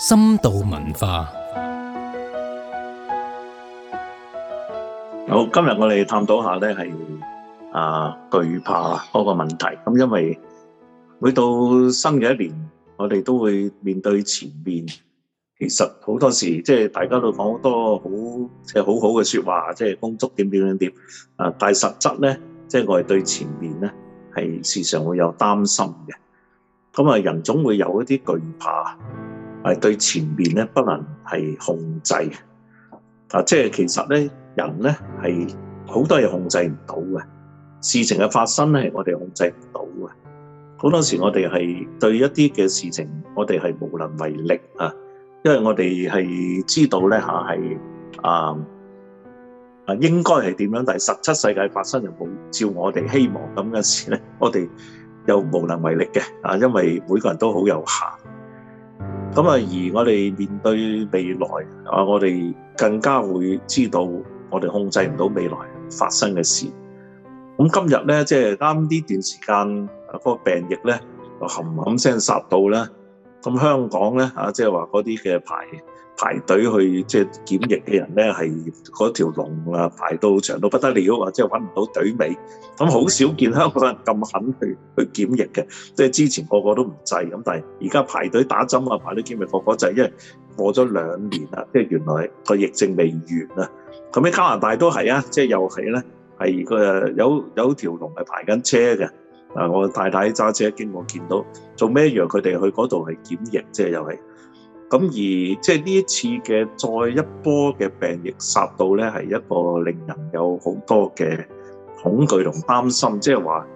深度文化。好，今日我哋探討下呢係啊懼怕嗰個問題。咁因為每到新嘅一年，我哋都會面對前面。其實好多時即係大家都講、就是、好多好即係好好嘅說話，即係豐足點點點點啊。但係實質呢，即、就、係、是、我哋對前面呢係時常會有擔心嘅。咁啊，人總會有一啲懼怕。係對前面咧，不能係控制啊！即係其實咧，人咧係好多嘢控制唔到嘅，事情嘅發生係我哋控制唔到嘅。好多時我哋係對一啲嘅事情，我哋係無能為力啊！因為我哋係知道咧吓係啊啊，應該係點樣，但係十七世界發生又冇照我哋希望咁嘅事咧，我哋又無能為力嘅啊！因為每個人都好有限。咁啊，而我哋面對未來啊，我哋更加會知道我哋控制唔到未來發生嘅事。咁今日咧，即係啱呢段時間啊，嗰個病疫咧就冚冚聲殺到咧，咁香港咧啊，即係話嗰啲嘅牌，排隊去即係、就是、檢疫嘅人咧，係嗰條龍啊排到長到不得了啊！即係揾唔到隊尾，咁好少見香港人咁肯去去檢疫嘅。即係之前個個都唔制咁，但係而家排隊打針啊，排隊檢疫，個個制，因為過咗兩年啦，即係原來個疫症未完啊。咁喺加拿大都係啊，即係又係咧，係個有有，有條龍係排緊車嘅。啊，我太太揸車經過見到做咩樣？佢哋去嗰度係檢疫，即係又係。咁而即係呢一次嘅再一波嘅病疫殺到咧，係一個令人有好多嘅恐懼同擔心，即係話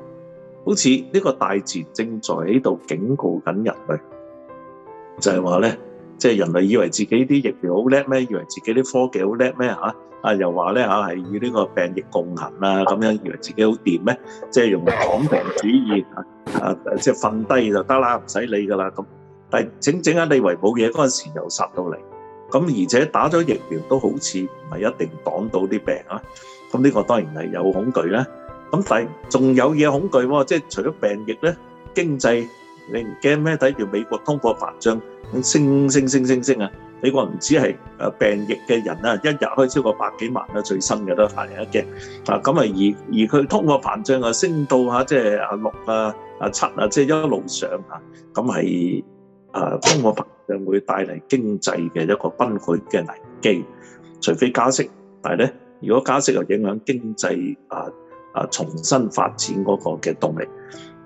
好似呢個大自然正在喺度警告緊人類，就係話咧，即係人類以為自己啲疫苗好叻咩？以為自己啲科技好叻咩？嚇啊，又話咧，嚇係與呢個病疫共行啊，咁樣，以為自己好掂咩？即係用躺平主義啊，啊即係瞓低就得啦，唔使理噶啦咁。啊。但係整整下你維抱嘢嗰陣時又殺到嚟，咁而且打咗疫苗都好似唔係一定擋到啲病啊，咁呢個當然係有恐懼啦。咁但係仲有嘢恐懼喎，即係除咗病疫咧，經濟你唔驚咩？睇住美國通過膨脹升升升升升啊，美國唔止係誒病疫嘅人啦，一日可以超過百幾萬啦，最新嘅都係一驚啊！咁啊，而而佢通過膨脹又升到嚇，即係啊六啊啊七啊，即係一路上啊，咁係。誒通貨膨脹會帶嚟經濟嘅一個崩潰嘅危機，除非加息，但係咧，如果加息又影響經濟，啊啊重新發展嗰個嘅動力，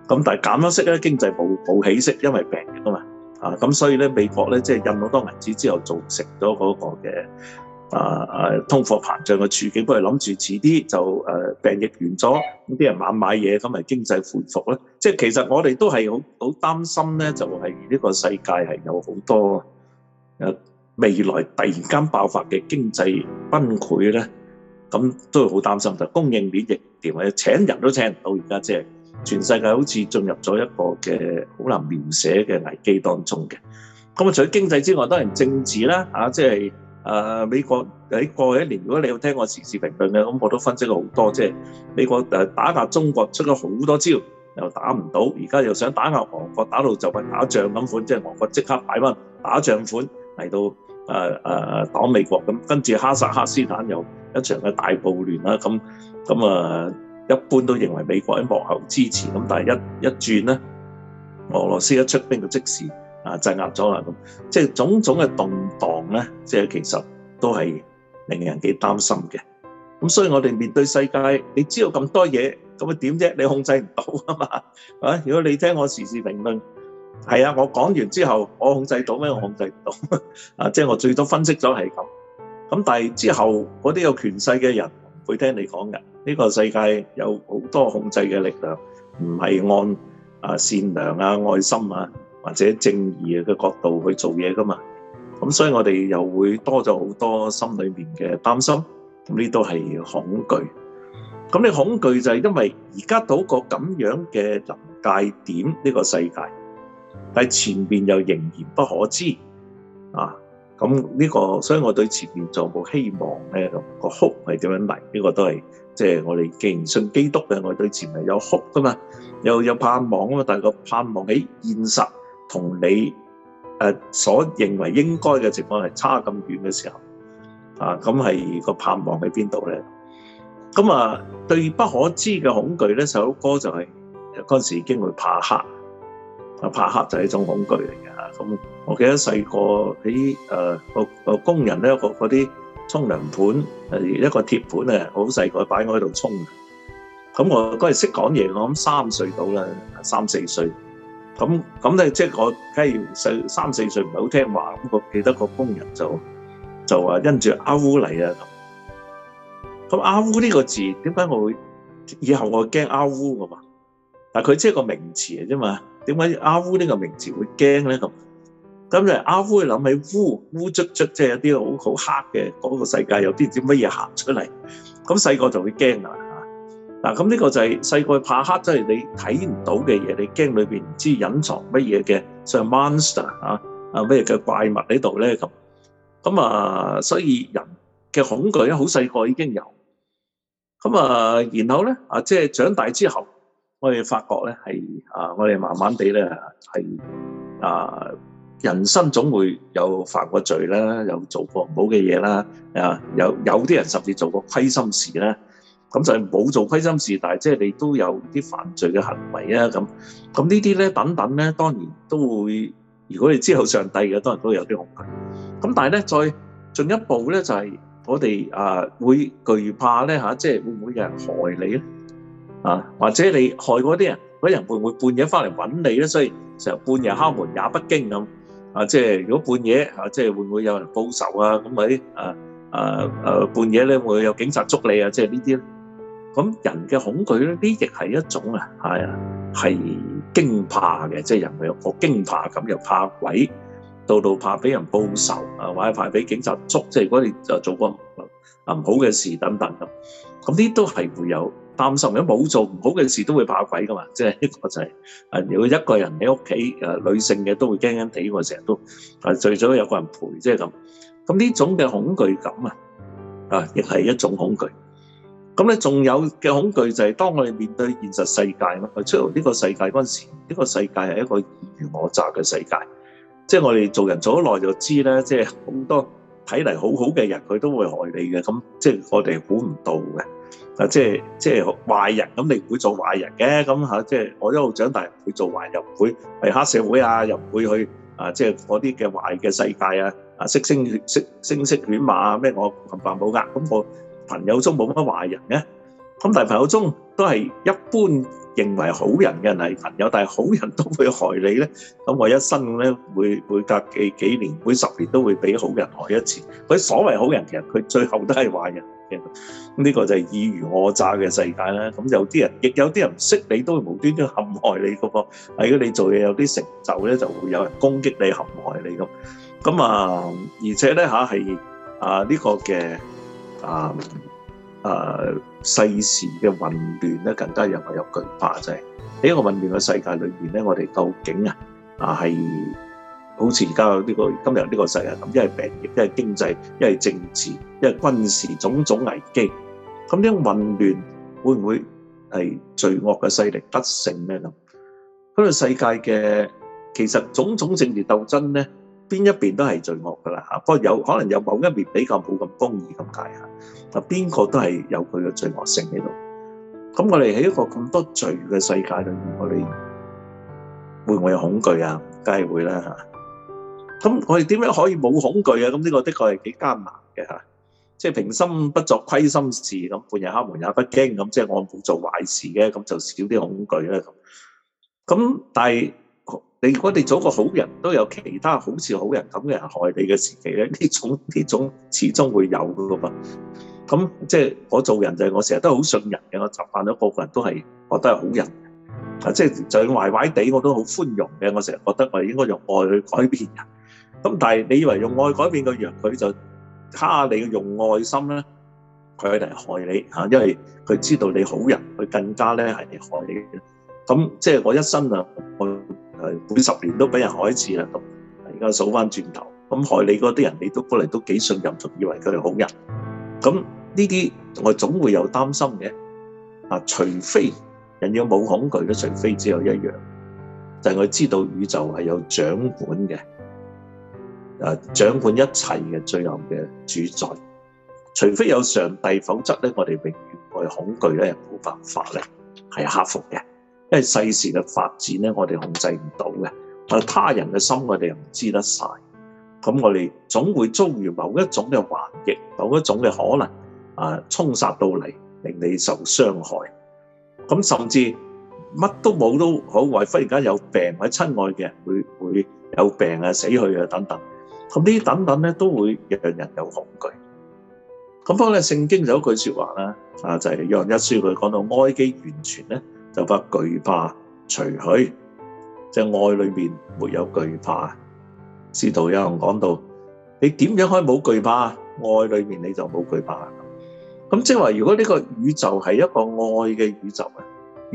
咁但係減咗息咧，經濟冇冇起色，因為病疫啊嘛，啊咁所以咧，美國咧即係印好多銀紙之後，造成咗嗰個嘅。啊啊，通貨膨脹嘅處境，佢哋諗住遲啲就誒、啊、病疫完咗，咁啲人猛買嘢，咁咪經濟恢復咧？即係其實我哋都係好好擔心咧，就係、是、呢個世界係有好多誒、啊、未來突然間爆發嘅經濟崩潰咧，咁都係好擔心。就係、供應鏈逆斷，請人都請唔到現在，而家即係全世界好似進入咗一個嘅好難描寫嘅危機當中嘅。咁啊，除咗經濟之外，當然政治啦，啊，即係。誒、呃、美國喺過去一年，如果你有聽我時事評論嘅，咁我都分析過好多，即、就、係、是、美國誒打壓中國出咗好多招，又打唔到，而家又想打壓韓國，打到就係打仗咁款，即係韓國即刻擺翻打仗款嚟到誒誒、呃呃、打美國咁，跟住哈薩克斯坦又一場嘅大暴亂啦，咁咁啊一般都認為美國喺幕後支持，咁但係一一轉呢，俄羅斯一出兵就即時。啊！鎮壓咗啦，咁即係種種嘅動盪咧，即係其實都係令人幾擔心嘅。咁所以我哋面對世界，你知道咁多嘢，咁啊點啫？你控制唔到啊嘛？啊！如果你聽我時事評論，係啊，我講完之後，我控制到咩？我控制唔到啊！ 即係我最多分析咗係咁。咁但係之後嗰啲有權勢嘅人會聽你講嘅。呢個世界有好多控制嘅力量，唔係按啊善良啊愛心啊。或者正義嘅角度去做嘢噶嘛，咁所以我哋又會多咗好多心裏面嘅擔心，咁呢都係恐懼。咁你恐懼就係因為而家到個咁樣嘅臨界點呢個世界，但係前面又仍然不可知啊。咁呢個，所以我對前面就冇希望咧。個哭係點樣嚟？呢個都係即係我哋既然信基督嘅，我對前面有哭噶嘛，又有盼望啊嘛，但係個盼望喺現實同你誒所認為應該嘅情況係差咁遠嘅時候，啊咁係個盼望喺邊度咧？咁啊對不可知嘅恐懼咧，細佬哥就係嗰陣時已經會怕黑，啊怕黑就係一種恐懼嚟㗎。咁我記得細個喺誒個個工人咧，個嗰啲沖涼盤係一個鐵盤啊，好細個擺我喺度沖。咁我嗰陣識講嘢，我諗三歲到啦，三四歲。咁咁咧，即係我假如細三四歲唔係好聽話，咁我記得個工人就就話因住阿烏嚟啊咁。咁阿烏呢個字點解我會以後我驚阿烏㗎嘛？但佢即係個名詞嚟啫嘛。點解阿烏呢個名詞會驚咧咁？咁阿烏會諗起烏烏卒卒即係有啲好好黑嘅嗰個世界，有啲點乜嘢行出嚟？咁細個就會驚啊！嗱，咁呢個就係細個怕黑，即係你睇唔到嘅嘢，你驚裏邊唔知隱藏乜嘢嘅，就 monster 啊啊乜嘢嘅怪物呢度咧咁咁啊！所以人嘅恐懼咧，好細個已經有咁啊。然後咧啊，即係長大之後，我哋發覺咧係啊，我哋慢慢地咧係啊，人生總會有犯過罪啦，有做過唔好嘅嘢啦，啊有有啲人甚至做過虧心事啦。咁就係冇做虧心事，但係即係你都有啲犯罪嘅行為啊！咁咁呢啲咧，等等咧，當然都會。如果你之後上帝嘅，當然都會有啲恐懼。咁但係咧，再進一步咧，就係、是、我哋啊會懼怕咧嚇、啊，即係會唔會有人害你啊？啊，或者你害嗰啲人，嗰啲人會唔會半夜翻嚟揾你咧？所以成日半夜敲門也不驚咁啊！即係如果半夜、啊、即係會唔會有人報仇啊？咁咪啊,啊半夜咧會,會有警察捉你啊？即係呢啲。咁人嘅恐懼咧，呢亦係一種啊，係啊，係驚怕嘅，即係人會有個驚怕感，又怕鬼，到到怕俾人報仇啊，或者怕俾警察捉，即係如果你就做過啊唔好嘅事等等咁，咁啲都係會有擔心，有冇做唔好嘅事都會怕鬼噶嘛，即係呢個就係、誒、啊，如果一個人喺屋企，誒女性嘅都會驚驚地我成日都啊，最早有個人陪，即係咁，咁呢種嘅恐懼感啊，啊，亦係一種恐懼。咁咧仲有嘅恐懼就係、是、當我哋面對現實世界去出入呢個世界嗰陣時，呢、呢個世界係一個爾虞我詐嘅世界，即係我哋做人做得耐就知呢，即係好多睇嚟好好嘅人，佢都會害你嘅，咁即係我哋估唔到嘅，啊即係即係壞人，咁你唔會做壞人嘅，咁嚇即係我一路長大唔會做壞人，唔會係黑社會啊，又唔會去啊即係嗰啲嘅壞嘅世界啊，啊識，識聲色識聲識犬馬啊咩我冚唪唥冇㗎咁我。朋友中冇乜壞人嘅，咁但係朋友中都係一般認為好人嘅人係朋友，但係好人都會害你咧。咁我一生咧，每每隔幾幾年，每十年都會俾好人害一次。佢所謂好人，的人，其實佢最後都係壞人嘅。咁呢個就係爾虞我詐嘅世界啦。咁有啲人亦有啲人唔識你，都會無端端陷害你個噃。係啊，如果你做嘢有啲成就咧，就會有人攻擊你、陷害你咁。咁啊，而且咧嚇係啊呢、啊這個嘅。啊！誒，世事嘅混亂咧，更加又係有懼怕就係喺個混亂嘅世界裏邊咧，我哋究竟啊啊係好似而家呢個今日呢個世界咁，因為病疫，因為經濟，因為政治，因為軍事，種種危機。咁呢個混亂會唔會係罪惡嘅勢力得勝咧？咁喺個世界嘅其實種種政治鬥爭咧。邊一邊都係罪惡㗎喇嚇，不過有可能有某一邊比較冇咁公義咁解嚇。嗱，邊個都係有佢嘅罪惡性喺度。咁我哋喺一個咁多罪嘅世界裏面，我哋會唔會有恐懼啊？梗係會啦嚇。咁我哋點樣可以冇恐懼啊？咁呢個的確係幾艱難嘅嚇。即係平心不作虧心事，咁半夜敲門也不驚，咁即係我冇做壞事嘅，咁就少啲恐懼咧。咁但係。你如果你做個好人，都有其他好似好人咁嘅人害你嘅時期咧，呢種呢種始終會有㗎嘛。咁即係我做人就係、是、我成日都好信人嘅，我習慣咗個個人都係覺得係好人啊，即係就算壞壞哋我都好寬容嘅。我成日覺得我係應該用愛去改變人。咁但係你以為用愛改變個樣佢就蝦你用愛心咧，佢嚟害你嚇，因為佢知道你好人，佢更加咧係嚟害你。嘅咁即係我一生啊，我。係，每十年都俾人害一次啦。咁而家數翻轉頭，咁害你嗰啲人，你都過嚟都幾信任，仲以為佢哋好人。咁呢啲我總會有擔心嘅。啊，除非人要冇恐懼咧，除非只有一樣，就係、是、我知道宇宙係有掌管嘅，啊，掌管一切嘅最後嘅主宰。除非有上帝，否則咧我哋永遠我哋恐懼咧冇辦法咧係克服嘅。因為世事嘅發展咧，我哋控制唔到嘅。但係，他人嘅心我哋又唔知得晒。咁我哋總會遭遇某一種嘅環境，某一種嘅可能啊，衝殺到嚟，令你受傷害。咁甚至乜都冇都好，或忽然間有病，或者親愛嘅人會、會有病啊、死去啊等等。咁呢啲等等咧，都會讓人有恐懼。咁方咧，聖經有一句説話啦，啊，就係《約翰一書》，佢講到愛既完全咧。就不懼怕，除去即係愛裏面沒有懼怕。使徒約翰講到：，你點樣可以冇懼怕？愛裏面你就冇懼怕。咁即係話，如果呢個宇宙係一個愛嘅宇宙嘅，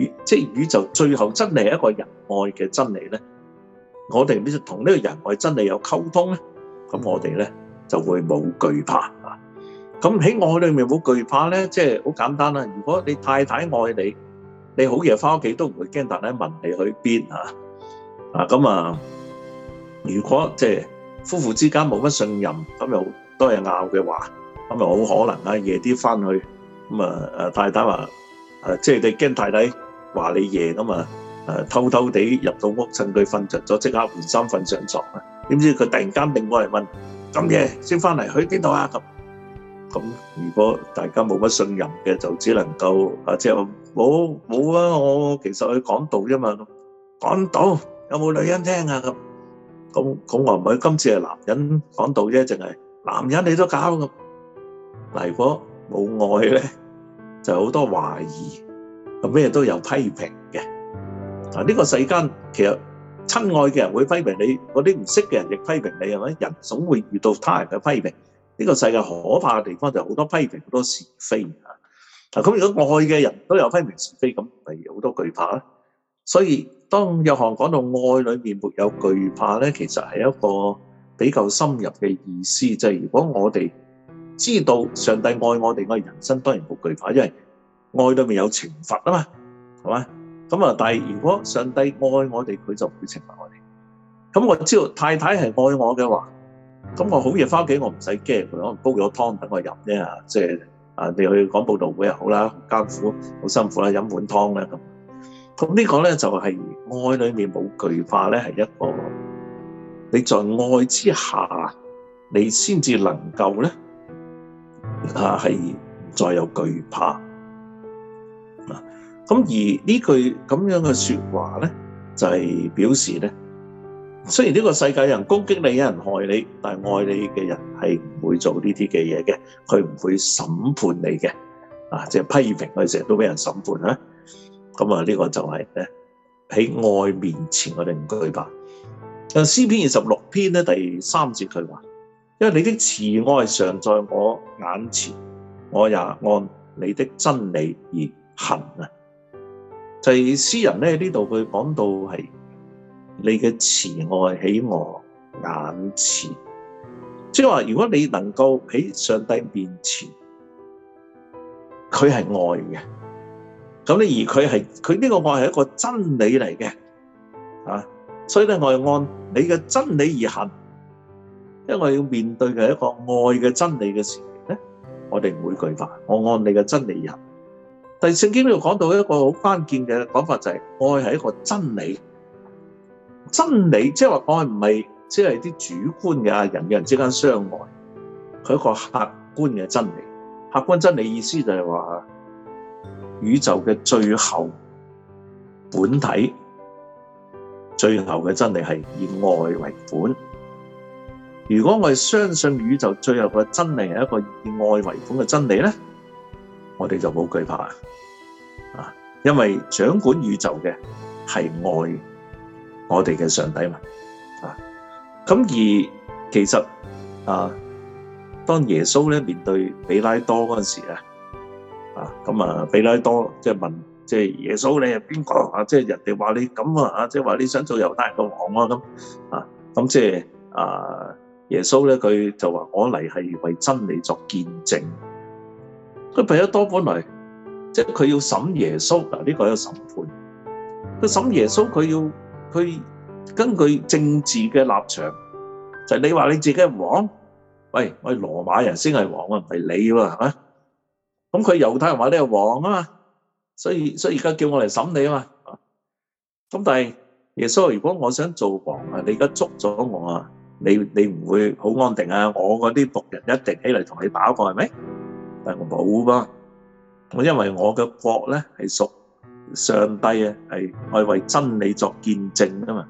宇即係宇宙最後真係一個人愛嘅真理咧，我哋呢就同呢個人愛真理有溝通咧，咁我哋咧就會冇懼怕。吓，咁喺愛裏面冇懼怕咧，即係好簡單啦。如果你太太愛你。你好夜翻屋企都唔會驚，太太問你去邊呀？啊咁啊，如果即係夫婦之間冇乜信任，咁又多嘢拗嘅話，咁又好可能啊夜啲翻去咁啊，誒太太話誒，即係你驚太太話你夜啊嘛，誒偷偷地入到屋，趁佢瞓著咗即刻換衫瞓上床啊！點知佢突然間擰過嚟問，咁夜先翻嚟去邊度啊？咁咁如果大家冇乜信任嘅，就只能夠啊即係我。冇冇啊！我其實去講道啫嘛，講道有冇女人聽啊？咁咁咁我唔係，今次係男人講道啫，淨係男人你都搞咁，如果冇愛咧，就好多懷疑，咩都有批評嘅。嗱，呢個世間其實親愛嘅人會批評你，嗰啲唔識嘅人亦批評你，係咪？人總會遇到他人嘅批評。呢個世界可怕嘅地方就係好多批評，好多是非啊！咁如果愛嘅人都有分明是非，咁咪好多懼怕。所以當約翰講到愛裏面沒有懼怕咧，其實係一個比較深入嘅意思。就係如果我哋知道上帝愛我哋，我人生當然冇懼怕，因為愛裏面有懲罰啊嘛，係嘛。咁啊，但係如果上帝愛我哋，佢就唔會懲罰我哋。咁我知道太太係愛我嘅話，咁我好夜翻，屋企我唔使驚，佢可能煲咗湯等我飲啫啊，即係。啊！你去講佈道會又好啦，好艱苦好辛苦啦，飲碗湯啦咁。咁呢個咧就係、是、愛裏面冇懼怕咧，係一個。你在愛之下，你先至能夠咧啊，係再有懼怕啊。咁而這句這呢句咁樣嘅說話咧，就係、是、表示咧。雖然呢個世界有人攻擊你，有人害你，但係愛你嘅人係唔會做呢啲嘅嘢嘅，佢唔會審判你嘅，啊，即係批評佢成日都俾人審判啦。咁啊，呢個就係咧喺愛面前，我哋唔舉吧。但詩篇二十六篇咧第三節佢話：因為你的慈愛常在我眼前，我也按你的真理而行啊。就係、是、詩人咧呢度佢講到係。你嘅慈愛喺我眼前，即係話，如果你能夠喺上帝面前，佢係愛嘅，咁咧而佢係佢呢個愛係一個真理嚟嘅，啊，所以咧我要按你嘅真理而行，因為我要面對嘅係一個愛嘅真理嘅事情咧，我哋唔會懼怕，我按你嘅真理而行。但係聖經呢度講到一個好關鍵嘅講法就係，愛係一個真理。真理即係話愛唔係即係啲主觀嘅人與人之間相愛，佢一個客觀嘅真理。客觀真理意思就係話宇宙嘅最後本體，最後嘅真理係以愛為本。如果我哋相信宇宙最後嘅真理係一個以愛為本嘅真理咧，我哋就冇懼怕啊！因為掌管宇宙嘅係愛。我哋嘅上帝嘛啊咁而其實啊，當耶穌咧面對比拉多嗰陣時啊啊咁啊，比、啊啊、拉多即係問即係、就是、耶穌你係邊個啊？即、就、係、是、人哋話你咁啊，即係話你想做猶太人嘅王啊？咁啊咁即係啊，啊，啊耶穌咧，佢就話、啊、我嚟係為真理作見證。咁比拉多本嚟即係佢要審耶穌嗱，呢、啊這個有審判。佢審耶穌，佢要。佢根據政治嘅立場，就你話你自己係王，喂，我係羅馬人先係王，我唔係你喎，係咪？咁佢猶太人話你係王啊嘛，所以所以而家叫我嚟審你啊嘛。咁但係耶穌，如果我想做王啊，你而家捉咗我啊，你你唔會好安定啊？我嗰啲僕人一定起嚟同你打過係咪？但係我冇噃，我因為我嘅國咧係屬。上帝啊，係為真理作見證㗎嘛。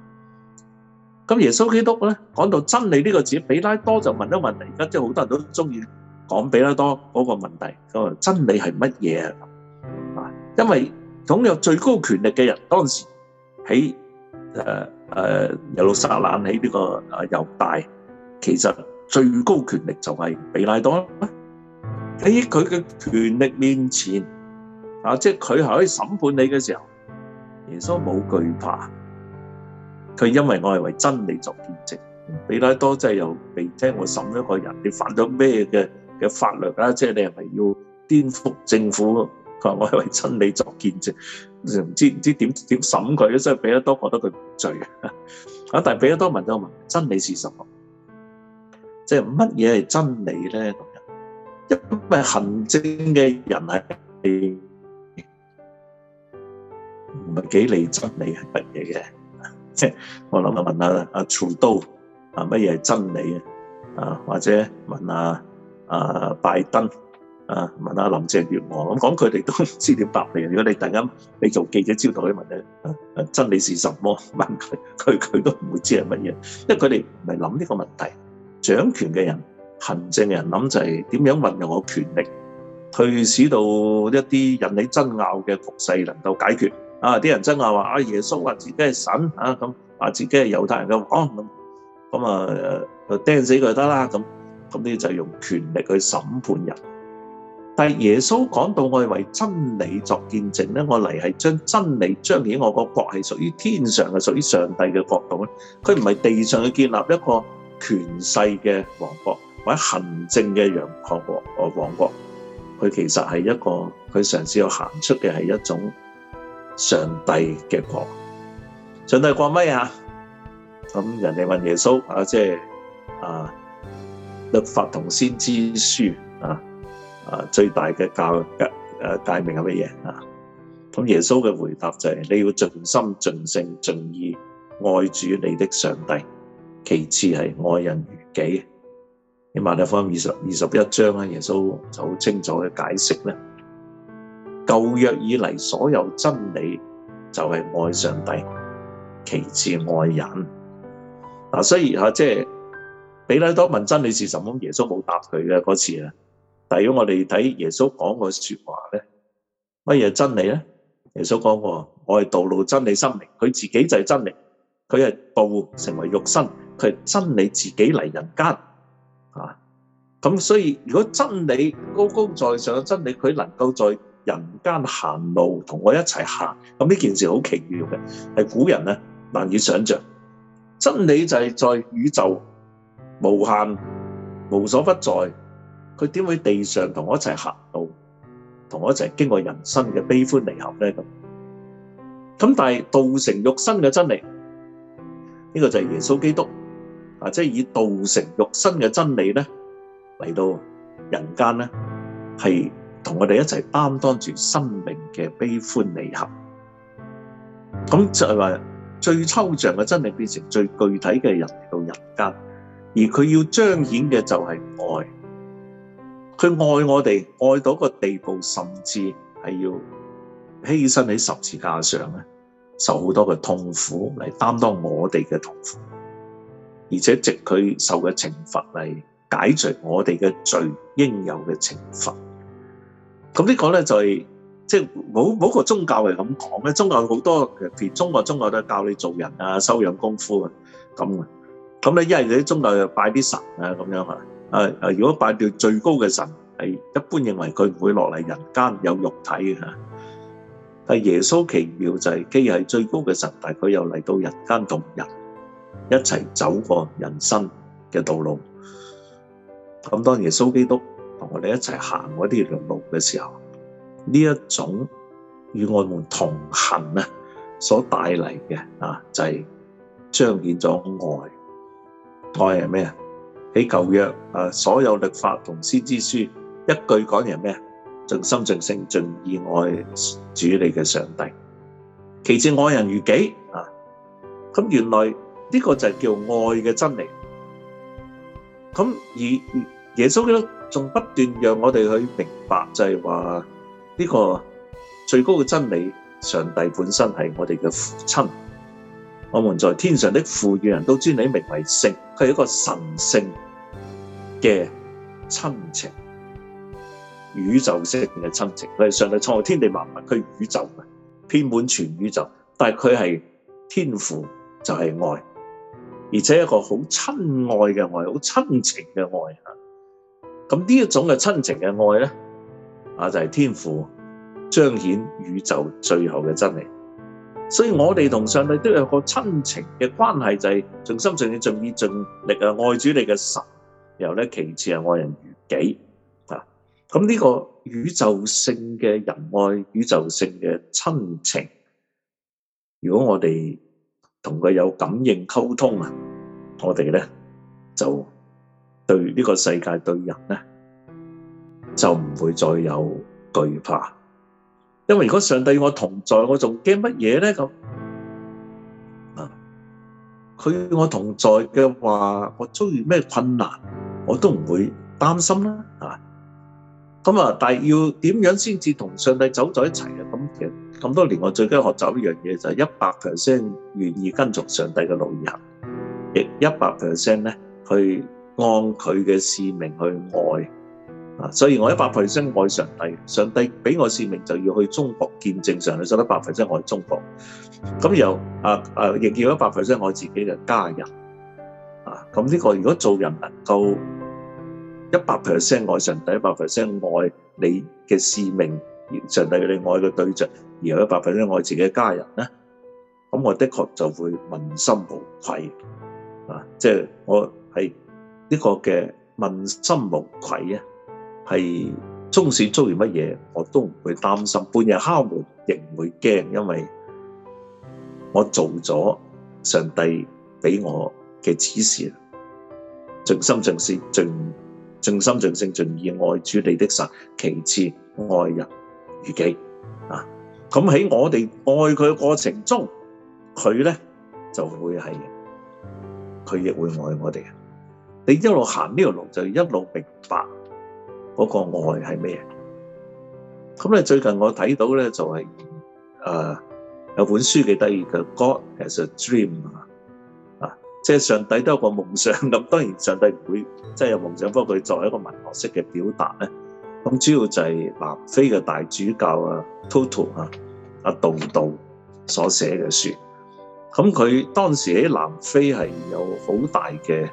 咁耶穌基督咧，講到真理呢個字，比拉多就問咗問題，而家即係好多人都鍾意講比拉多嗰個問題，真理係乜嘢啊？因為擁有最高權力嘅人，當時喺，呃，呃，耶路撒冷，喺呢個猶大，其實最高權力就係比拉多啦。喺佢嘅權力面前，啊！即係佢係可以審判你嘅時候，耶穌冇懼怕。佢因為我係為真理作見證。比拉多即係又未聽我審咗個人，你犯咗咩嘅嘅法律啦，啊？即係你係咪要顛覆政府。佢話我係為真理作見證，唔知唔知點點審佢，所以比拉多覺得佢唔罪。啊！但係比拉多問咗問，真理是什麼？即係乜嘢係真理咧？因為行政嘅人係。唔係幾理真理係乜嘢嘅？我諗我問下阿阿川都啊，乜嘢係真理啊？或者問阿阿拜登啊？問阿林鄭月娥，咁講佢哋都唔知點答你。如果你突然間你做記者招待會問你啊，真理是什麼？問佢佢佢都唔會知係乜嘢，因為佢哋唔係諗呢個問題。掌權嘅人、行政嘅人諗就係點樣運用我權力，去使到一啲引起爭拗嘅局勢能夠解決。啊！啲人真係話啊，耶穌話自己係神啊，咁話自己係猶太人咁，哦咁咁啊，就釘死佢得啦。咁咁，你就用權力去審判人。但係耶穌講到我係為真理作見證咧，我嚟係將真理彰顯，我個國係屬於天上嘅，屬於上帝嘅國度咧。佢唔係地上去建立一個權勢嘅王國或者行政嘅洋國國王國，佢其實係一個佢嘗試去行出嘅係一種。上帝嘅國，上帝講咩嚇，咁人哋問耶穌啊，即係啊《律法同先知書》啊啊最大嘅教誡誒解明係乜嘢啊？咁耶穌嘅回答就係你要盡心盡性盡意愛主你的上帝，其次係愛人如己。喺馬太福音二十二十一章啊，耶穌就好清楚嘅解釋咧。舊約以嚟，所有真理就係愛上帝，其次愛人嗱，所以啊，即係比拉多問真理是什麼，耶穌冇答佢嘅嗰次啊。但係如果我哋睇耶穌講個說話咧，乜嘢真理咧？耶穌講過：我係道路真理生命，佢自己就係真理，佢係道成為肉身，佢係真理自己嚟人間啊。咁所以如果真理高高在上嘅真理，佢能夠再人間行路，同我一齊行，咁呢件事好奇妙嘅，係古人咧難以想象。真理就係在宇宙無限無所不在，佢點會地上同我一齊行路，同我一齊經過人生嘅悲歡離合咧？咁咁但係道成肉身嘅真理，呢個就係耶穌基督啊！即係以道成肉身嘅真理咧嚟到人間咧係。同我哋一齊擔當住生命嘅悲歡離合，咁就係話最抽象嘅真理變成最具體嘅人嚟到人間，而佢要彰顯嘅就係愛，佢愛我哋愛到個地步，甚至係要犧牲喺十字架上咧，受好多嘅痛苦嚟擔當我哋嘅痛苦，而且藉佢受嘅懲罰嚟解除我哋嘅罪應有嘅懲罰。咁、這、呢個咧就係即係冇冇個宗教係咁講咧，宗教好多譬如中國中國都係教你做人啊、修養功夫啊咁。咁咧一係你啲宗教又拜啲神啊咁樣啊，如果拜到最高嘅神，係一般認為佢唔會落嚟人間有肉體嘅，但係耶穌奇妙就係、是、既係最高嘅神，但係佢又嚟到人間同人一齊走過人生嘅道路。咁當耶穌基督。同我哋一齊行嗰啲條路嘅時候，呢一種與我們同行啊，所帶嚟嘅啊，就係彰顯咗愛。愛係咩啊？喺舊約啊，所有律法同先知書一句講嘅係咩啊？盡心盡性盡意愛主你嘅上帝。其次愛人如己啊。咁原來呢個就係叫愛嘅真理。咁以。耶穌基督仲不斷讓我哋去明白就，就係話呢個最高嘅真理。上帝本身係我哋嘅父親，我們在天上的父予人都尊你名為聖，佢係一個神性嘅親情，宇宙式嘅親情。佢係上帝創天地萬物，佢宇宙嘅遍滿全宇宙，但佢係天父就係、是、愛，而且一個好親愛嘅愛，好親情嘅愛。咁呢一種嘅親情嘅愛咧，啊，就係、是、天父彰顯宇宙最後嘅真理。所以，我哋同上帝都有個親情嘅關係，就係、是、盡心盡意、盡意盡力啊，愛主你嘅神。然後咧，其次係愛人如己啊。咁、這、呢個宇宙性嘅仁愛、宇宙性嘅親情，如果我哋同佢有感應溝通啊，我哋咧就。對呢個世界對人咧，就唔會再有懼怕，因為如果上帝我同在，我仲驚乜嘢咧咁啊？佢我同在嘅話，我遭遇咩困難，我都唔會擔心啦啊！咁啊，但係要點樣先至同上帝走在一齊啊？咁其實咁多年，我最驚學習一樣嘢就係一百 percent 願意跟從上帝嘅路行，亦一百 percent 咧去。按佢嘅使命去愛啊，所以我一百 percent 愛上帝，上帝俾我使命就要去中國見證上帝，就得百分之一愛中國。咁又啊啊，亦要一百 percent 愛自己嘅家人啊。咁呢個如果做人能夠一百 percent 愛上帝，一百 percent 愛你嘅使命，上帝與你愛嘅對象，而有百分之一愛自己嘅家人咧，咁我的確就會問心無愧啊。即係我係。呢、這個嘅問心無愧啊，係縱使遭遇乜嘢我都唔會擔心，半夜敲門亦唔會驚，因為我做咗上帝俾我嘅指示啦。盡心盡事盡盡心盡性盡意愛主你的神，其次愛人如己啊！咁喺我哋愛佢嘅過程中，佢咧就會係佢亦會愛我哋嘅。你一路行呢條路，就一路明白嗰個愛係咩嘢。咁咧，最近我睇到咧就係、是、誒、啊、有本書幾得意嘅《God Has A Dream》啊，即、就、係、是、上帝都有個夢想。咁、啊、當然上帝唔會真係、就是、有夢想，不過佢作為一個文學式嘅表達咧，咁、啊、主要就係南非嘅大主教啊，Tutu 啊，阿杜杜所寫嘅書。咁、啊、佢當時喺南非係有好大嘅。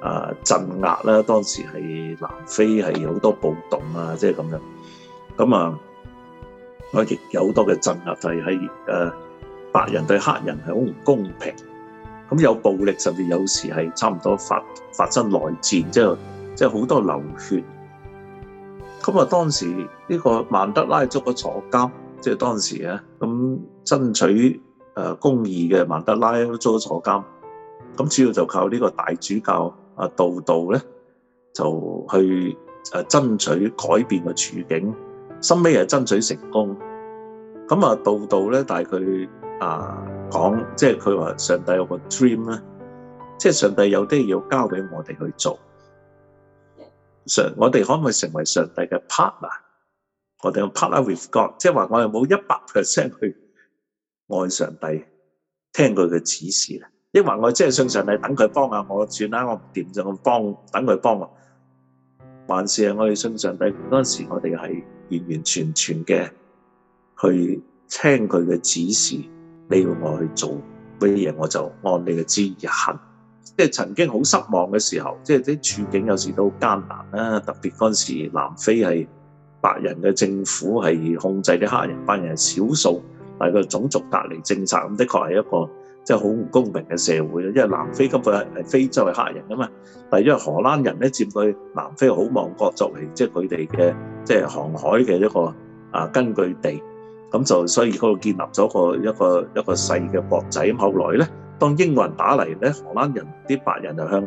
啊，鎮壓啦、啊！當時係南非係好多暴動啊，即係咁樣。咁啊，我亦有好多嘅鎮壓係喺誒白人對黑人係好唔公平，咁有暴力，甚至有時係差唔多發發生內戰，即係即係好多流血。咁啊，當時呢個曼德拉捉咗坐監，即係當時啊，咁爭取誒公義嘅曼德拉都捉咗坐監。咁主要就靠呢個大主教。啊，道道咧就去誒爭取改變個處境，收尾係爭取成功。咁啊，道道咧，但係佢啊講，即係佢話上帝有個 dream 咧，即係上帝有啲嘢要交俾我哋去做。上我哋可唔可以成為上帝嘅 partner？我哋用 partner with God，即係話我有冇一百 percent 去愛上帝，聽佢嘅指示啦。因為我即係信上帝，等佢幫下我，我算啦，我唔掂就幫，等佢幫。還是係我哋信上帝嗰陣時，我哋係完完全全嘅，去聽佢嘅指示，你要我去做啲嘢，所以我就按你嘅旨意行。即係曾經好失望嘅時候，即係啲處境有時都好艱難啦。特別嗰陣時南非係白人嘅政府係控制啲黑人，白人係少數，但係個種族隔離政策咁的確係一個。即係好唔公平嘅社會，因為南非根本係非洲係黑人啊嘛，但係因為荷蘭人咧佔據南非好望角作為他們的即係佢哋嘅即係航海嘅一個啊根據地，咁就所以嗰度建立咗個一個一個細嘅國仔。咁後來咧，當英國人打嚟咧，荷蘭人啲白人就向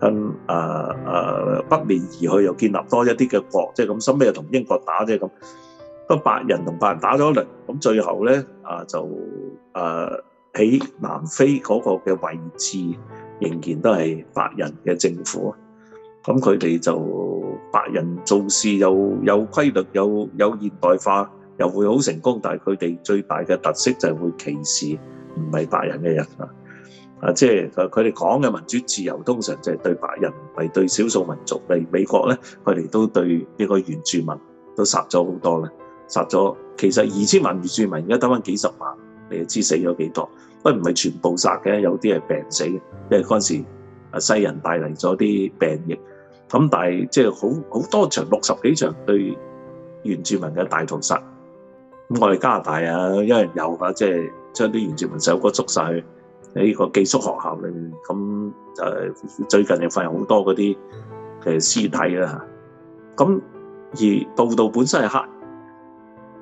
向啊啊北面而去，又建立多一啲嘅國，即係咁。後尾又同英國打啫咁，個白人同白人打咗一輪，咁最後咧啊就啊～就啊喺南非嗰個嘅位置，仍然都係白人嘅政府。咁佢哋就白人做事又有規律，有有現代化，又會好成功。但係佢哋最大嘅特色就係會歧視唔係白人嘅人啊！啊，即係佢哋講嘅民主自由，通常就係對白人，唔係對少數民族。例如美國咧，佢哋都對呢個原住民都殺咗好多咧，殺咗。其實二千萬原住民而家得返幾十萬。你知死咗幾多？喂，唔係全部殺嘅，有啲係病死嘅，因為嗰陣時啊西人帶嚟咗啲病疫。咁但係即係好好多場六十幾場對原住民嘅大屠殺。咁我哋加拿大啊，因為有啊，即係將啲原住民細路哥捉晒去呢個寄宿學校裏面。咁誒最近又發現好多嗰啲嘅屍體啦嚇。咁而道道本身係黑，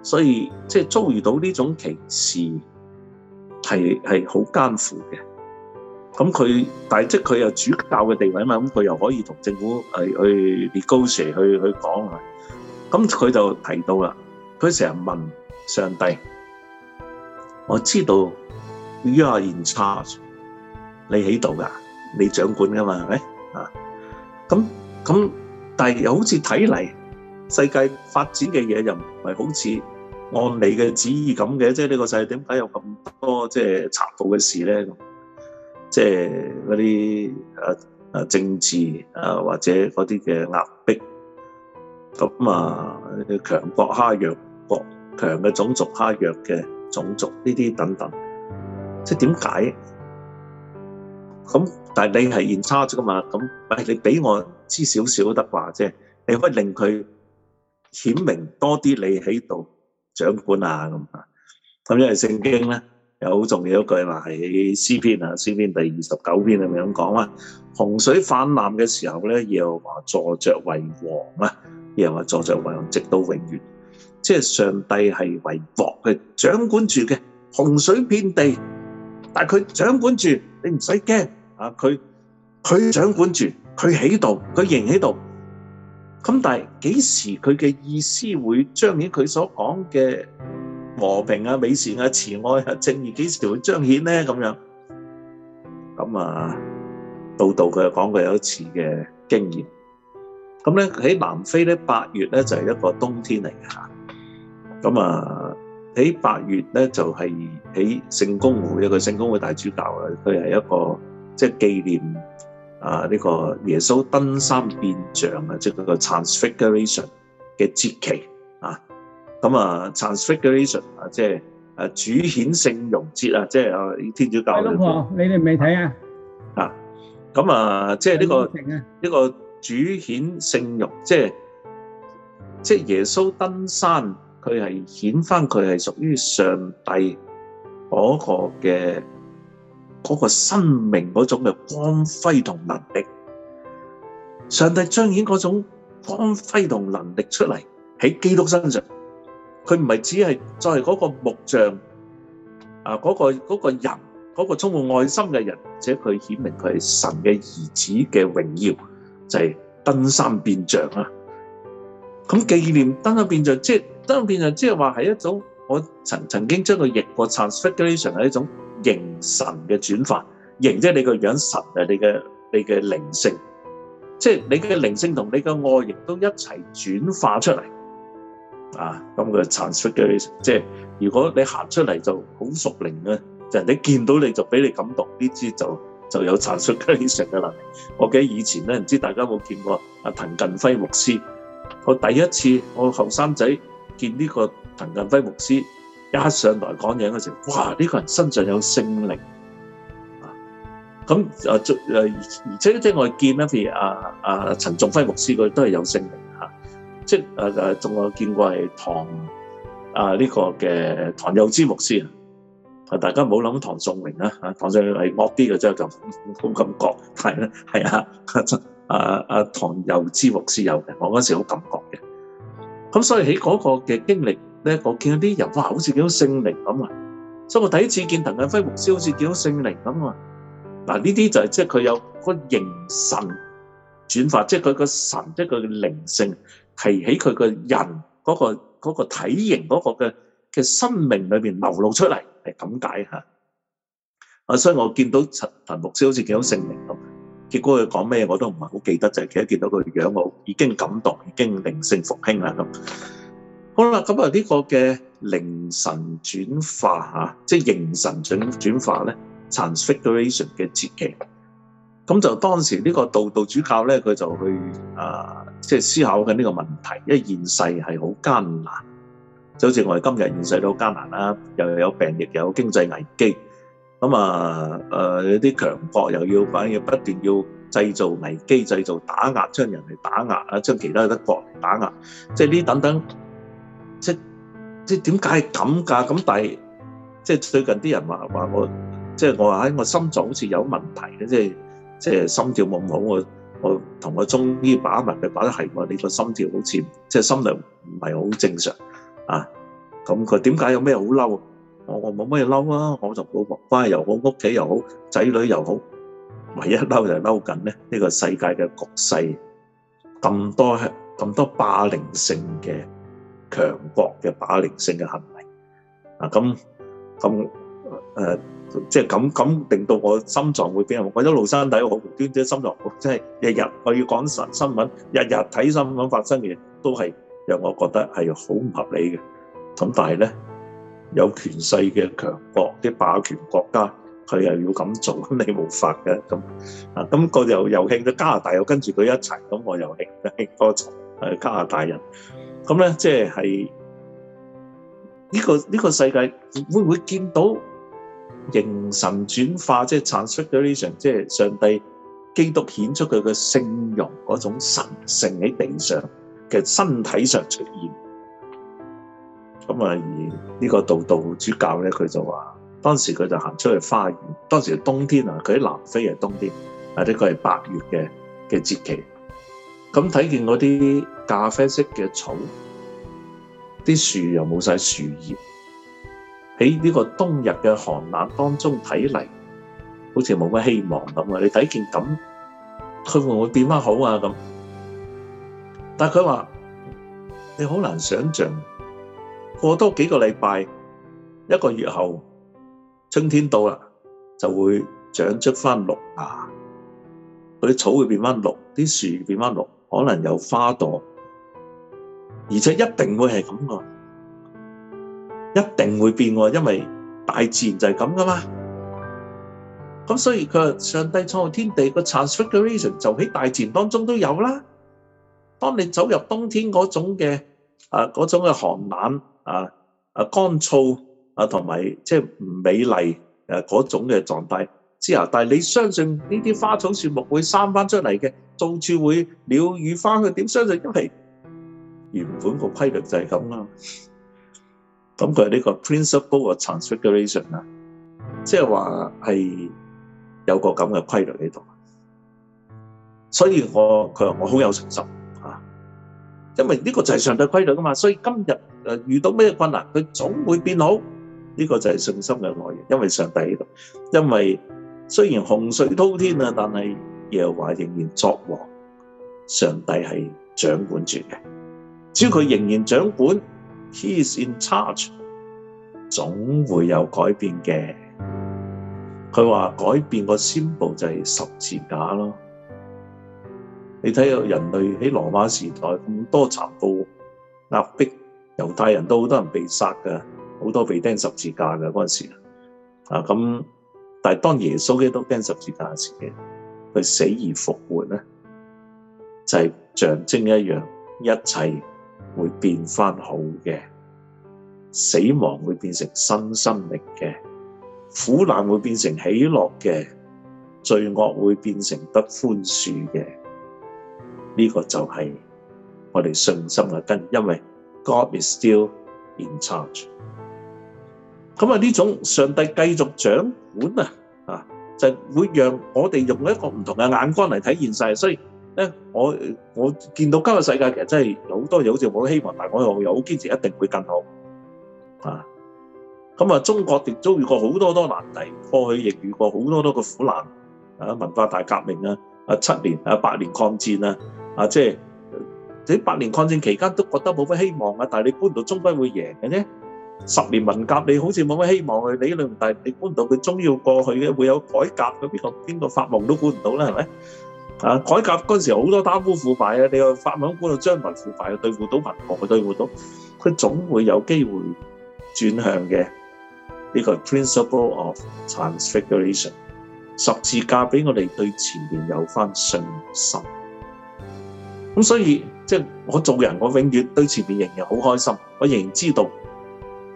所以即係遭遇到呢種歧視。係係好艱苦嘅，咁佢但係即係佢有主教嘅地位嘛，咁佢又可以同政府係去 negotiate 去去講啊，咁佢就提到啦，佢成日問上帝，我知道你係 in charge，你喺度噶，你掌管噶嘛，係咪啊？咁咁，但係又好似睇嚟世界發展嘅嘢又唔係好似。按你嘅旨意咁嘅，即係呢個世界點解有咁多即係殘暴嘅事咧？即係嗰啲政治啊，或者嗰啲嘅壓迫，咁啊強國蝦弱國，強嘅種族蝦弱嘅種族，呢啲等等，即係點解？咁但係你係現差咗嘛？咁喂，你俾我知少少都得話，即係你可以令佢顯明多啲你喺度。掌管啊，咁啊，咁因為聖經咧有好重要一句話喺詩篇啊，詩篇第二十九篇係咪咁講啊？洪水泛濫嘅時候咧，又話坐著為王啊，又話坐著為王直到永遠，即係上帝係為國嘅掌管住嘅洪水遍地，但係佢掌管住，你唔使驚啊！佢佢掌管住，佢喺度，佢仍喺度。咁但係幾時佢嘅意思會彰顯佢所講嘅和平啊、美善啊、慈愛啊、正義幾時會彰顯咧？咁樣咁啊，道道佢又講過有一次嘅經驗。咁咧喺南非咧，八月咧就係一個冬天嚟嘅嚇。咁啊喺八月咧就係喺聖公會一個聖公會大主教啊，佢係一個即係、就是、紀念。啊！呢、這個耶穌登山變像、就是、那個的啊，即係嗰個 Transfiguration 嘅節期啊。咁啊，Transfiguration 啊，即係啊主顯聖容節啊，即、就、係、是、啊天主教、哎。老婆，你哋未睇啊？啊！咁啊，即係呢個呢、這個主顯聖容，即係即係耶穌登山，佢係顯翻佢係屬於上帝嗰個嘅。嗰個生命嗰種嘅光輝同能力，上帝彰顯嗰種光輝同能力出嚟喺基督身上，佢唔係只係作為嗰個木像啊，嗰個嗰個人，嗰個充滿愛心嘅人，且佢顯明佢係神嘅兒子嘅榮耀，就係登山變像啊！咁紀念登山變像，即係登山變像，即係話係一種我曾曾經將佢譯過 transfiguration 係一種。形神嘅轉化，形即係你個樣神啊，你嘅你嘅靈性，即係你嘅靈性同你嘅外形都一齊轉化出嚟啊！咁佢殘缺嘅，即係如果你行出嚟就好熟靈啊，人哋見到你就俾你感動，呢啲就就有殘缺嘅能力。我記得以前咧，唔知大家有冇見過阿滕近輝牧師？我第一次我後生仔見呢個滕近輝牧師。哇，呢，我見到啲人哇，好似見到聖靈咁啊！所以我第一次見鄧振輝牧師好似見到聖靈咁啊！嗱，呢啲就係即係佢有個形神轉化，即係佢個神，即係佢嘅靈性，提起佢個人嗰個嗰個體型嗰個嘅嘅生命裏邊流露出嚟，係咁解吓。啊，所以我見到陳陳牧師好似見到聖靈咁，結果佢講咩我都唔係好記得，就係而家見到佢樣我已經感動，已經靈性復興啦咁。好啦，咁啊呢個嘅靈神轉化嚇，即係形神轉轉化咧，transfiguration 嘅節期。咁就當時呢個道道主教咧，佢就去啊，即係思考緊呢個問題，因為現世係好艱難。就好似我哋今日現世都好艱難啦，又有病疫，又有經濟危機。咁啊誒，有啲強國又要反而不斷要製造危機，製造打壓，將人嚟打壓啊，將其他德國嚟打壓。即係呢等等。即係點解係咁㗎？咁但係即係最近啲人話話我，即係我話喺我心臟好似有問題嘅，即係即係心跳冇咁好。我我同我中醫把脈，把得係喎，你個心跳好似即係心率唔係好正常啊。咁佢點解有咩好嬲？我我冇咩嬲啊，我就好，老婆關係又好，屋企又好，仔女又好，唯一嬲就係嬲緊咧呢個世界嘅局勢咁多咁多霸凌性嘅。強國嘅霸凌性嘅行為啊，咁咁誒，即係咁咁，令到我心臟會俾人，我一路身體，好無端端，心臟即係日日我要講神新聞，日日睇新聞發生嘅嘢，都係讓我覺得係好唔合理嘅。咁但係咧，有權勢嘅強國啲霸權國家，佢又要咁做，你冇法嘅咁啊。咁個又又興咗加拿大，又跟住佢一齊，咁我又興興個加拿大人。咁咧，即係呢個呢個世界會唔會見到形神轉化，即係產出咗呢啲即係上帝基督顯出佢嘅聖容嗰種神性喺地上嘅身體上出現。咁啊，而呢個道道主教咧，佢就話：當時佢就行出去花園，當時冬天啊，佢喺南非係冬天或者佢係八月嘅嘅節期。咁睇見嗰啲咖啡色嘅草，啲樹又冇晒樹葉，喺呢個冬日嘅寒冷當中睇嚟，好似冇乜希望咁啊！你睇見咁，佢會唔會變翻好啊？咁，但佢話你好難想象，過多幾個禮拜，一個月後春天到啦，就會長出翻綠芽，佢、啊、啲草會變翻綠，啲樹變翻綠，可能有花朵。而且一定會係咁噶，一定會變喎，因為大自然就係咁噶嘛。咁所以佢話上帝創造天地個 transfiguration 就喺大自然當中都有啦。當你走入冬天嗰種嘅啊，嗰種嘅寒冷啊，啊乾燥啊，同埋即係唔美麗誒，嗰種嘅狀態之後，但係你相信呢啲花草樹木會生翻出嚟嘅，到處會鳥語花香，點相信？因為原本個規律就係咁啦，咁佢係呢個 principle of transfiguration 啊，即係話係有個咁嘅規律喺度，所以我佢話我好有信心啊，因為呢個就係上帝規律噶嘛，所以今日誒遇到咩困難，佢總會變好，呢個就係信心嘅來源，因為上帝喺度。因為雖然洪水滔天啊，但係耶和華仍然作王，上帝係掌管住嘅。只要佢仍然掌管，He's in charge，總會有改變嘅。佢話改變個先步就係十字架咯。你睇下人類喺羅馬時代咁多殘暴壓迫，猶太人都好多人被殺㗎，好多被釘十字架㗎嗰陣時。啊咁，但係當耶穌都釘十字架時嘅，佢死而復活呢，就係象徵一樣一切。會變返好嘅，死亡會變成新生命嘅，苦難會變成喜樂嘅，罪惡會變成得寬恕嘅，呢個就係我哋信心嘅根。因為 God is still in charge。咁啊，呢種上帝繼續掌管啊，啊，就會讓我哋用一個唔同嘅眼光嚟睇現世，所以。咧，我我見到今日世界其實真係有好多嘢，好似冇希望，但係我又又好堅持，一定會更好啊！咁啊，中國亦遭遇過好多多難題，過去亦遇過好多多嘅苦難啊，文化大革命啊，啊七年啊八年抗戰啊，啊即係喺八年抗戰期間都覺得冇乜希望啊，但係你官渡終歸會贏嘅咧。十年文革你好似冇乜希望嘅，你兩但係你官渡佢終要過去嘅，會有改革嘅，邊個邊個發夢都估唔到啦，係咪？啊！改革嗰陣時好多貪污腐敗啊！你去法文官度將民腐敗對付到銀行，去對付到，佢總會有機會轉向嘅。呢個 principle of transfiguration 十字架俾我哋對前面有翻信心。咁所以即係我做人，我永遠對前面仍然好開心，我仍然知道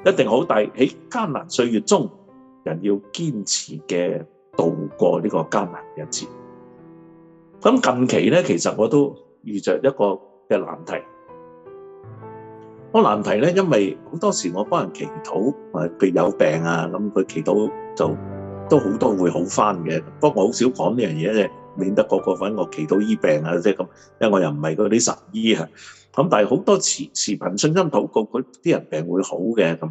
一定好大喺艱難歲月中，人要堅持嘅度過呢個艱難日子。咁近期咧，其實我都遇着一個嘅難題。個難題咧，因為好多時我幫人祈禱，佢有病啊，咁佢祈禱就都好多會好返嘅。不過我好少講呢樣嘢啫，免得個個揾我祈禱醫病啊，即係咁，因為我又唔係嗰啲神醫啊。咁但係好多時持頻信心禱告，佢啲人病會好嘅，咁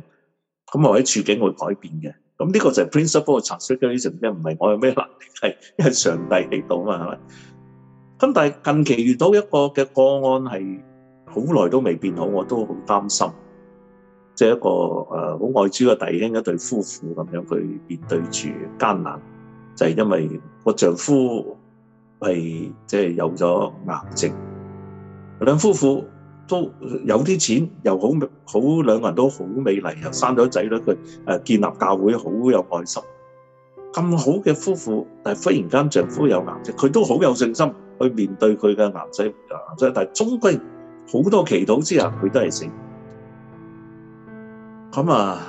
咁喺者處境會改變嘅。咁呢個就係 principle 查書嘅意思，唔係我有咩難題，因為上帝喺度啊嘛，係咪？咁但係近期遇到一個嘅個案係好耐都未變好，我都好擔心。即係一個誒好愛主嘅弟兄一對夫婦咁樣佢面對住艱難，就係因為個丈夫係即係有咗癌症。兩夫婦都有啲錢，又好好兩個人都好美麗，又生咗仔女，佢誒建立教會好有愛心。咁好嘅夫婦，但係忽然間丈夫有癌症，佢都好有信心去面對佢嘅癌仔。癌仔但係總歸好多祈禱之下，佢都係死。咁啊，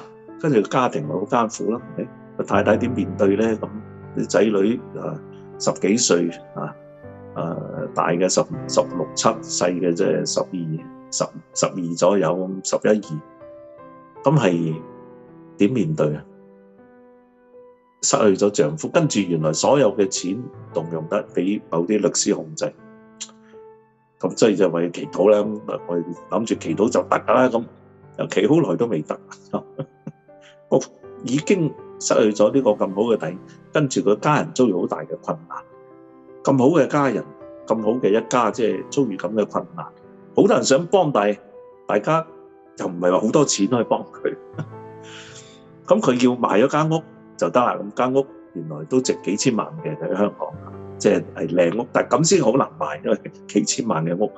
跟住個家庭好艱苦啦。誒，個太太點面對咧？咁啲仔女啊，十幾歲啊，誒大嘅十十六七，細嘅即係十二十十二左右，十一二，咁係點面對啊？失去咗丈夫，跟住原來所有嘅錢動用得俾某啲律師控制，咁所以就為祈禱啦。我諗住祈禱就得啦，咁又祈好耐都未得。我已經失去咗呢個咁好嘅地，跟住佢家人遭遇好大嘅困難。咁好嘅家人，咁好嘅一家，即係遭遇咁嘅困難，好多人想幫但，大家又唔係話好多錢去幫佢。咁佢要賣咗間屋。就得啦，咁間屋原來都值幾千萬嘅喺香港，即係係靚屋，但係咁先好難買，因為幾千萬嘅屋。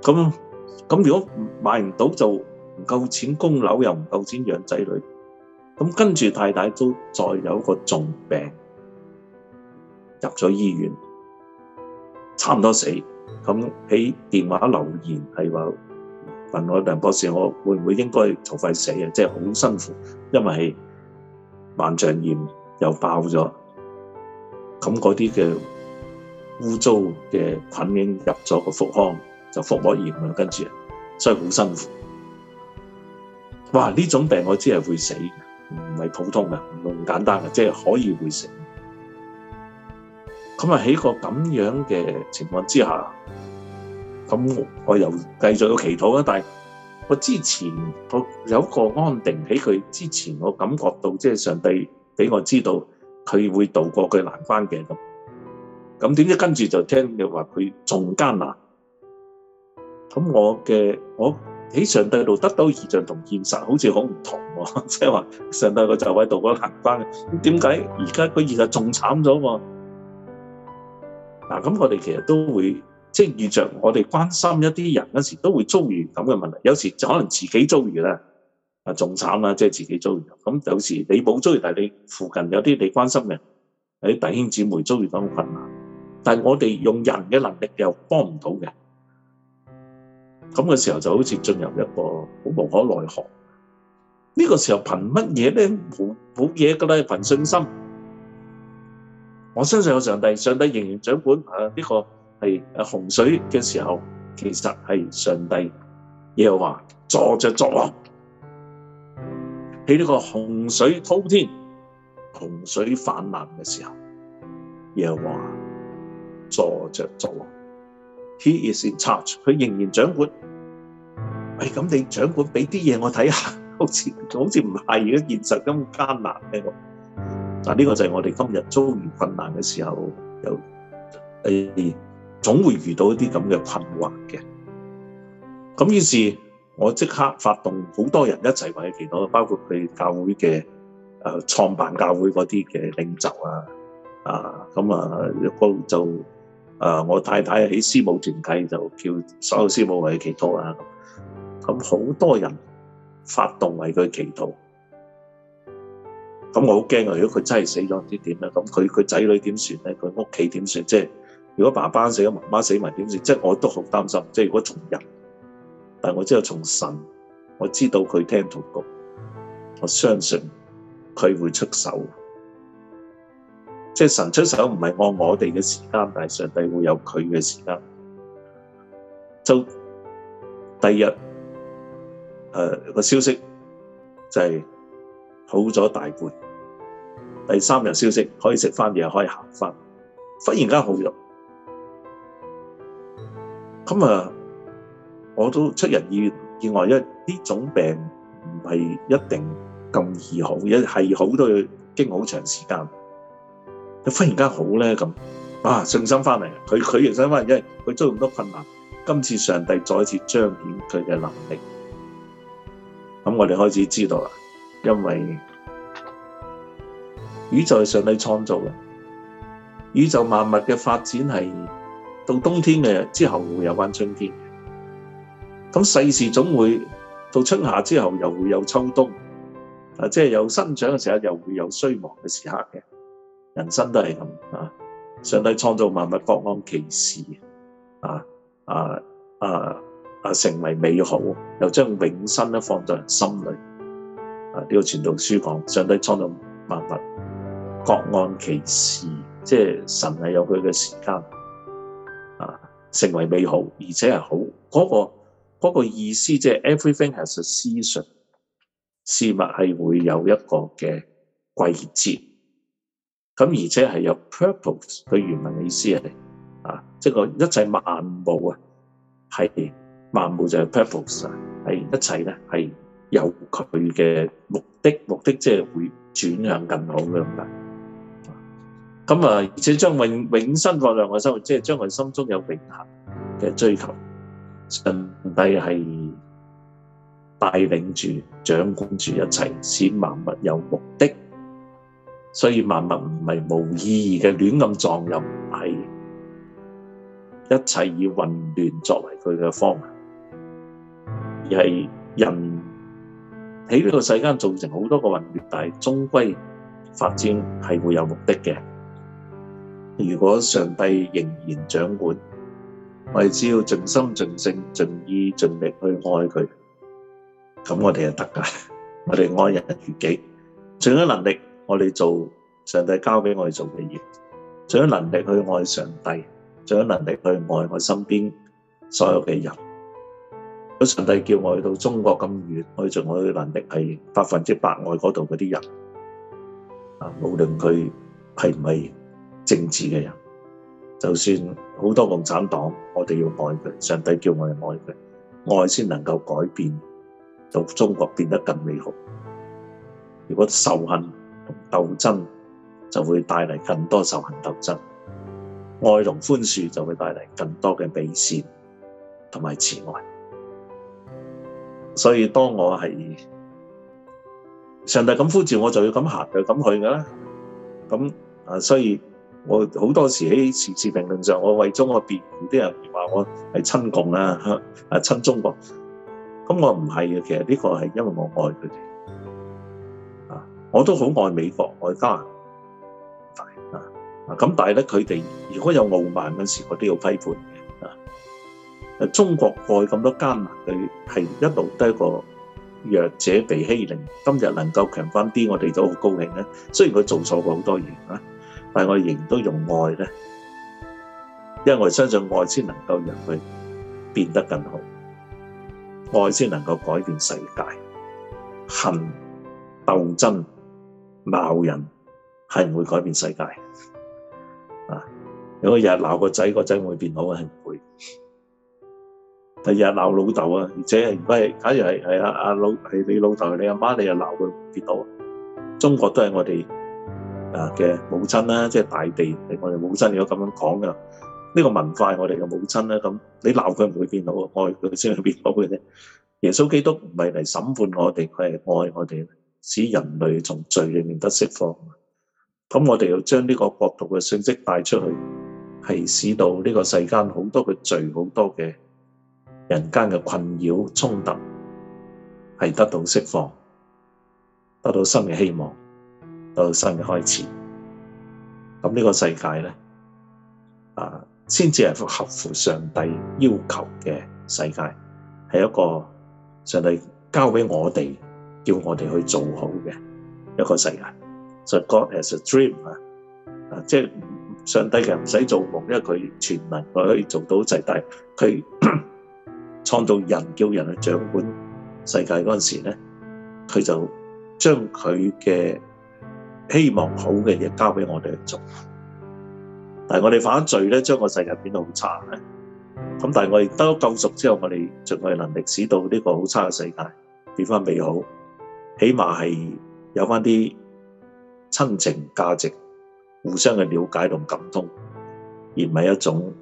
咁咁如果買唔到就唔夠錢供樓，又唔夠錢養仔女。咁跟住太太都再有一個重病入咗醫院，差唔多死。咁喺電話留言係話問我梁博士，我會唔會應該籌費死啊？即係好辛苦，因為。盲腸炎又爆咗，咁嗰啲嘅污糟嘅菌影入咗個腹腔，就腹膜炎啦，跟住，所以好辛苦。哇！呢種病我知係會死，唔係普通嘅，唔係咁簡單嘅，即係可以會死。咁啊，喺個咁樣嘅情況之下，咁我又繼續要祈禱啦，但係。我之前我有個安定喺佢之前，我，前我感覺到即係上帝俾我知道佢會渡過佢難關嘅咁。咁點解跟住就聽你話佢仲艱難。咁我嘅我喺上帝度得到異象同現實好似好唔同喎，即係話上帝個就位渡過難關，咁點解而家佢現實仲慘咗喎？嗱，咁我哋其實都會。即係遇着我哋關心一啲人嗰時，都會遭遇咁嘅問題。有時就可能自己遭遇啦，啊仲慘啦，即係自己遭遇。咁有時你冇遭遇，但係你附近有啲你關心嘅，有啲弟兄姊妹遭遇到困難。但係我哋用人嘅能力又幫唔到嘅，咁嘅時候就好似進入一個好無可奈何。呢個時候憑乜嘢咧？冇冇嘢噶啦，憑信心。我相信有上帝，上帝仍然掌管啊！呢個係洪水嘅時候，其實係上帝。耶和華坐着作喎，喺呢個洪水滔天、洪水泛濫嘅時候，耶和華坐着作喎 He is in charge，佢仍然掌管。喂，咁你掌管，俾啲嘢我睇下，好似好似唔係嘅現實咁艱難呢個。嗱呢個就係我哋今日遭遇困難嘅時候有誒。哎總會遇到一啲咁嘅困惑嘅，咁於是我即刻發動好多人一齊為佢祈禱，包括佢教會嘅誒創辦教會嗰啲嘅領袖啊，啊，咁、嗯、啊，就誒、啊、我太太喺師母團體就叫所有師母為佢祈禱啊，咁、嗯、好、嗯嗯、多人發動為佢祈禱，咁、嗯、我好驚啊！如果佢真係死咗，唔知點啊，咁佢佢仔女點算咧？佢屋企點算？即、就、係、是。如果爸爸死咗，媽媽死埋點算？即係我都好擔心。即係如果從人，但係我知道從神，我知道佢聽禱告，我相信佢會出手。即係神出手唔係按我哋嘅時間，但係上帝會有佢嘅時間。就第二日，誒、呃、個消息就係好咗大半。第三日消息可以食翻嘢，可以行翻。忽然間好咗。咁啊！我都出人意意外，因為呢種病唔係一定咁易好，因係好都要經好長時間。佢忽然間好咧，咁啊，信心翻嚟，佢佢亦想翻嚟，因為佢遭咁多困難，今次上帝再一次彰顯佢嘅能力。咁我哋開始知道啦，因為宇宙係上帝創造嘅，宇宙萬物嘅發展係。到冬天嘅之後會有關春天嘅，咁世事總會到春夏之後又會有秋冬，啊，即係有生長嘅時候又會有衰亡嘅時刻嘅，人生都係咁啊！上帝創造萬物各按其時，啊啊啊啊，成為美好，又將永生都放在心裏。啊，呢、這個傳道書講上帝創造萬物各按其時，即係神係有佢嘅時間。成為美好，而且係好嗰個嗰個意思，即係 everything has a season，事物係會有一個嘅季節。咁而且係有 purpose，佢原文嘅意思係啊，即係個一切萬物啊，係萬物就係 purpose 啊，係一切咧係有佢嘅目的，目的即係會轉向更好。咁啊！而且將永永生個兩個生活，即係將佢心中有永恆嘅追求，上帝係帶領住、掌管住一切，使萬物有目的。所以萬物唔係無意義嘅亂咁撞，又唔係一切以混亂作為佢嘅方向，而係人喺呢個世間造成好多個混亂，但係終歸發展係會有目的嘅。如果上帝仍然掌管，我哋只要盡心盡性盡意盡力去愛佢，咁我哋就得㗎。我哋愛人如己，盡咗能力我哋做上帝交俾我哋做嘅嘢，盡咗能力去愛上帝，盡咗能力去愛我身邊所有嘅人。如果上帝叫我去到中國咁遠，我盡我嘅能力係百分之百愛嗰度嗰啲人，啊，無論佢係唔係。政治嘅人，就算好多共產黨，我哋要愛佢。上帝叫我哋愛佢，愛先能夠改變，到中國變得更美好。如果仇恨同鬥爭，就會帶嚟更多仇恨鬥爭；愛同寬恕就會帶嚟更多嘅美善同埋慈愛。所以當我係上帝咁呼召，我就要咁行就咁去㗎啦。咁啊，所以。我好多時喺時事評論上，我為中國辯護啲人，話我係親共啊，嚇啊親中國，咁我唔係嘅。其實呢個係因為我愛佢哋啊，我都好愛美國愛加拿大啊，咁但係咧佢哋如果有傲慢嗰時，我都要批判嘅啊。中國過去咁多艱難，佢係一路都一個弱者被欺凌，今日能夠強翻啲，我哋都好高興咧。雖然佢做錯過好多嘢啊。但我仍然都用愛呢，因為我相信愛先能夠讓佢變得更好，愛先能夠改變世界。恨、鬥爭、鬧人係唔會改變世界。啊，如果日鬧個仔，個仔會變好是係唔會？第日鬧老豆啊，而且係唔假如係老係你老豆，你阿媽，媽，你又鬧佢跌倒，中國都係我哋嘅母親啦，即係大地係我哋母親，如果咁樣講噶。呢個文化係我哋嘅母親咧，咁你鬧佢唔會變到，愛佢先會變好嘅啫。耶穌基督唔係嚟審判我哋，佢係愛我哋，使人類從罪裏面得釋放。咁我哋要將呢個國度嘅信息帶出去，係使到呢個世間好多嘅罪、好多嘅人間嘅困擾、衝突係得到釋放，得到新嘅希望。到新嘅開始，咁呢個世界咧，啊，先至係合乎上帝要求嘅世界，係一個上帝交俾我哋，叫我哋去做好嘅一個世界。就、so、God has a dream 啊，即係上帝其實唔使做夢，因為佢全能，佢可以做到一切。但係佢 創造人，叫人去掌管世界嗰陣時咧，佢就將佢嘅。希望好嘅嘢交俾我哋去做，但係我哋犯罪呢，將個世界變到好差。咁但係我哋得到救贖之後，我哋盡可能力使到呢個好差嘅世界變返美好，起碼係，有返啲親情價值，互相嘅了解同感通，而唔係一種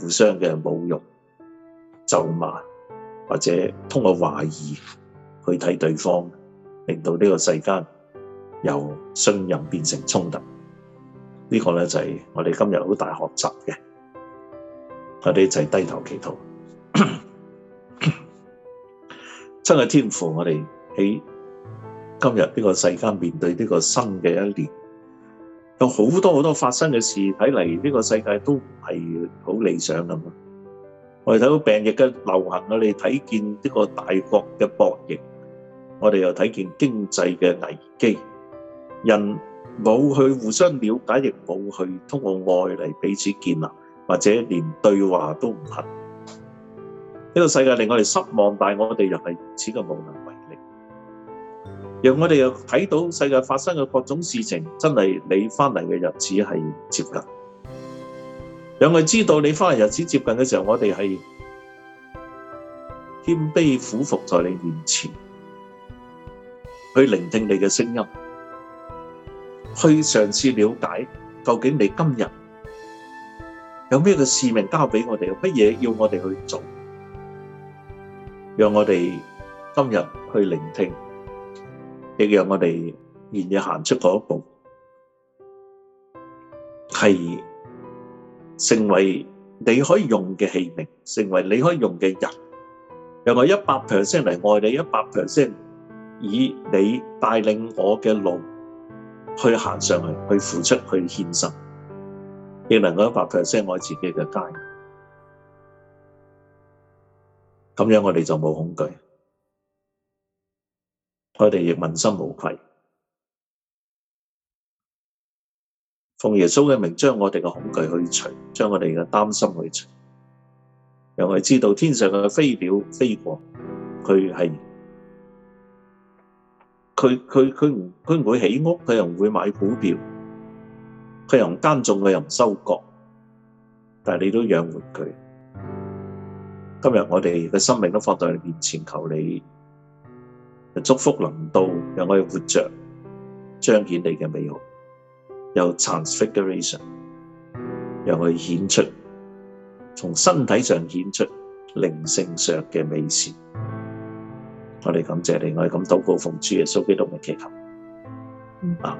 互相嘅侮辱、咒罵或者通過懷疑去睇對方，令到呢個世間。由信任變成衝突，呢個咧就係我哋今日好大學習嘅。我哋就係低頭祈禱，真係天父，我哋喺今日呢個世間面對呢個新嘅一年，有好多好多發生嘅事，睇嚟呢個世界都唔係好理想咁啊！我哋睇到病疫嘅流行啊，我哋睇見呢個大國嘅博弈，我哋又睇見經濟嘅危機。人冇去互相瞭解，亦冇去通過愛嚟彼此建立，或者連對話都唔肯。呢個世界令我哋失望，但係我哋又係如此嘅無能為力。讓我哋又睇到世界發生嘅各種事情，真係你返嚟嘅日子係接近。讓我哋知道你返嚟日子接近嘅時候，我哋係謙卑俯伏在你面前，去聆聽你嘅聲音。，去嘗試了解究竟你今日有咩嘅使命交俾我哋，有乜嘢要我哋去做，讓我哋今日去聆聽，亦讓我哋願意行出嗰一步，係成為你可以用嘅器皿，成為你可以用嘅人，讓我一百 percent 嚟愛你，一百 percent 以你帶領我嘅路。去行上去，去付出，去獻身，亦能夠發出聲愛自己嘅人，咁樣我哋就冇恐懼，我哋亦問心無愧。奉耶穌嘅名，將我哋嘅恐懼去除，將我哋嘅擔心去除，讓我哋知道天上嘅飛鳥飛過，佢係。佢佢佢唔佢唔會起屋，佢又唔會買股票，佢又唔耕種，佢又唔收割，但係你都養活佢。今日我哋嘅生命都放在你面前，求你祝福臨到，讓我哋活着，彰顯你嘅美好，有 transfiguration，讓佢顯出，從身體上顯出靈性上嘅美善。我哋感謝你，我哋咁禱告，奉主耶穌基督嘅祈求啊！